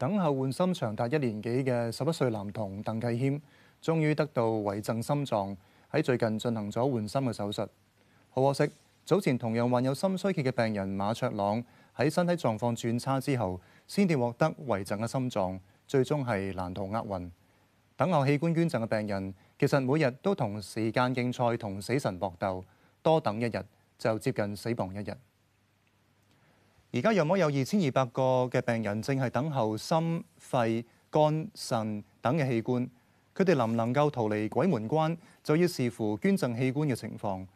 等候換心長達一年幾嘅十一歲男童鄧繼謙，終於得到遺贈心臟，喺最近進行咗換心嘅手術。好可惜，早前同樣患有心衰竭嘅病人馬卓朗，喺身體狀況轉差之後，先至獲得遺贈嘅心臟，最終係難逃厄運。等候器官捐贈嘅病人，其實每日都同時間競賽，同死神搏鬥，多等一日就接近死亡一日。而家仍然有二千二百個嘅病人正係等候心肺、肝腎等嘅器官，佢哋能唔能夠逃離鬼門關，就要視乎捐贈器官嘅情況。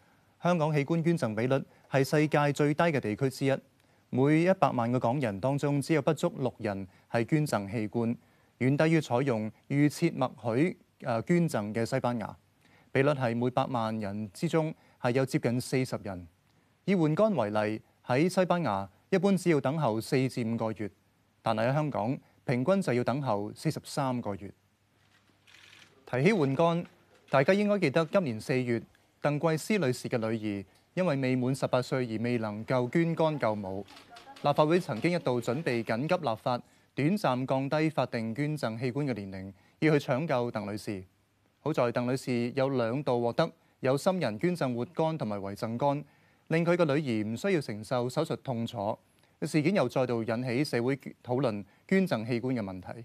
香港器官捐贈比率係世界最低嘅地區之一，每一百萬個港人當中只有不足六人係捐贈器官，遠低於採用預設默許誒捐贈嘅西班牙，比率係每百萬人之中係有接近四十人。以換肝為例，喺西班牙，一般只要等候四至五個月，但係喺香港平均就要等候四十三個月。提起換肝，大家應該記得今年四月，鄧桂思女士嘅女兒因為未滿十八歲而未能夠捐肝救母。立法會曾經一度準備緊急立法，短暫降低法定捐贈器官嘅年齡，要去搶救鄧女士。好在鄧女士有兩度獲得有心人捐贈活肝同埋遺贈肝。令佢個女兒唔需要承受手術痛楚，事件又再度引起社會討論捐贈器官嘅問題。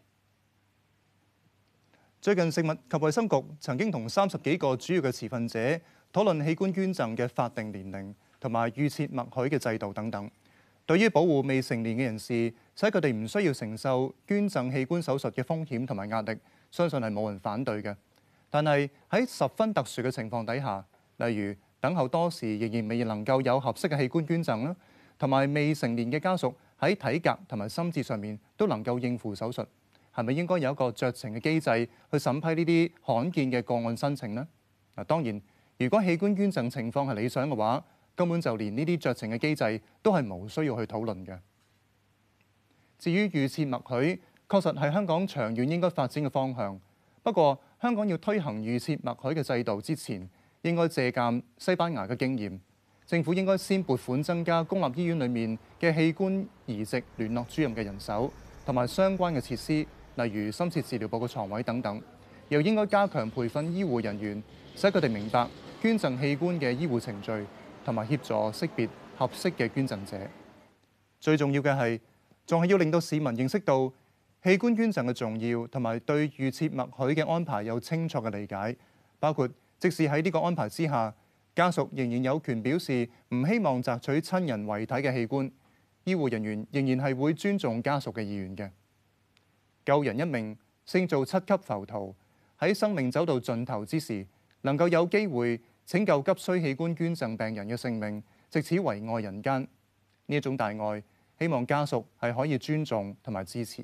最近食物及衞生局曾經同三十幾個主要嘅持份者討論器官捐贈嘅法定年齡同埋預設默許嘅制度等等，對於保護未成年嘅人士，使佢哋唔需要承受捐贈器官手術嘅風險同埋壓力，相信係冇人反對嘅。但係喺十分特殊嘅情況底下，例如，等候多時，仍然未能夠有合適嘅器官捐贈啦，同埋未成年嘅家屬喺體格同埋心智上面都能夠應付手術，係咪應該有一個酌情嘅機制去審批呢啲罕見嘅個案申請呢？嗱，當然，如果器官捐贈情況係理想嘅話，根本就連呢啲酌情嘅機制都係無需要去討論嘅。至於預設默許，確實係香港長遠應該發展嘅方向。不過，香港要推行預設默許嘅制度之前，應該借鑑西班牙嘅經驗，政府應該先撥款增加公立醫院裏面嘅器官移植聯絡主任嘅人手，同埋相關嘅設施，例如深切治療部嘅床位等等。又應該加強培訓醫護人員，使佢哋明白捐贈器官嘅醫護程序，同埋協助識別合適嘅捐贈者。最重要嘅係，仲係要令到市民認識到器官捐贈嘅重要，同埋對預設默許嘅安排有清楚嘅理解，包括。即使喺呢個安排之下，家屬仍然有權表示唔希望摘取親人遺體嘅器官，醫護人員仍然係會尊重家屬嘅意願嘅。救人一命勝造七級浮屠，喺生命走到盡頭之時，能夠有機會拯救急需器官捐贈病人嘅性命，藉此為愛人間呢種大愛，希望家屬係可以尊重同埋支持。